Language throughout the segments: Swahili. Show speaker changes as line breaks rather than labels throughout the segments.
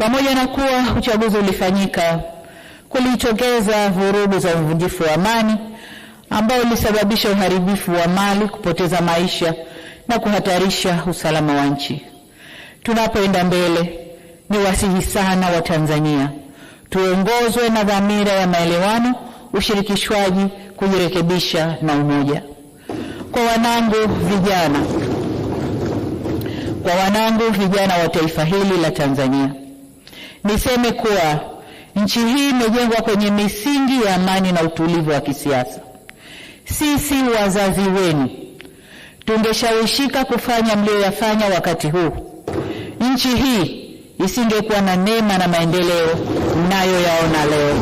Pamoja na kuwa uchaguzi ulifanyika, kulitokeza vurugu za uvunjifu wa amani ambao ulisababisha uharibifu wa mali, kupoteza maisha na kuhatarisha usalama wa nchi. Tunapoenda mbele, ni wasihi sana wa Tanzania tuongozwe na dhamira ya maelewano, ushirikishwaji, kujirekebisha na umoja. Kwa wanangu vijana, kwa wanangu vijana wa taifa hili la Tanzania niseme kuwa nchi hii imejengwa kwenye misingi ya amani na utulivu wa kisiasa. Sisi wazazi wenu tungeshawishika kufanya mliyoyafanya wakati huu, nchi hii isingekuwa na neema na maendeleo mnayoyaona leo.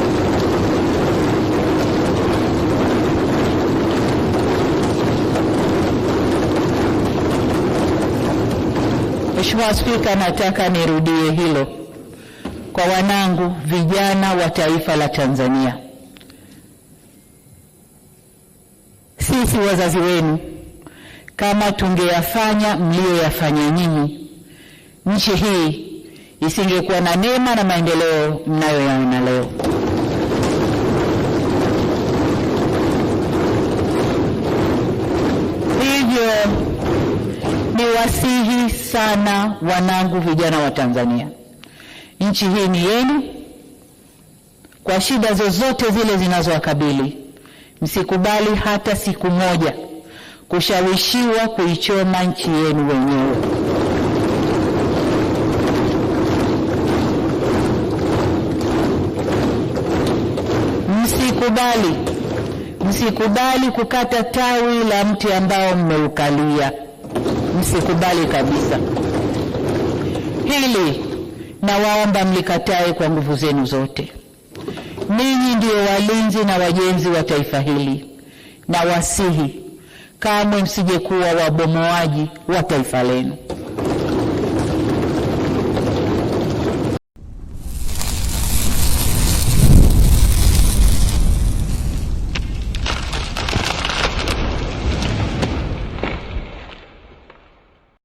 Mheshimiwa Spika, nataka nirudie hilo kwa wanangu vijana wa taifa la Tanzania. Sisi wazazi wenu, kama tungeyafanya mliyoyafanya nyinyi, nchi hii isingekuwa na neema na maendeleo mnayoyaona leo. Hivyo niwasihi sana wanangu, vijana wa Tanzania Nchi hii ni yenu, kwa shida zozote zile zinazowakabili msikubali hata siku moja kushawishiwa kuichoma nchi yenu wenyewe. Msikubali, msikubali kukata tawi la mti ambao mmeukalia, msikubali kabisa hili nawaomba mlikatae kwa nguvu zenu zote. Ninyi ndio walinzi na wajenzi wa taifa hili, na wasihi kamwe msijekuwa wabomoaji wa taifa lenu.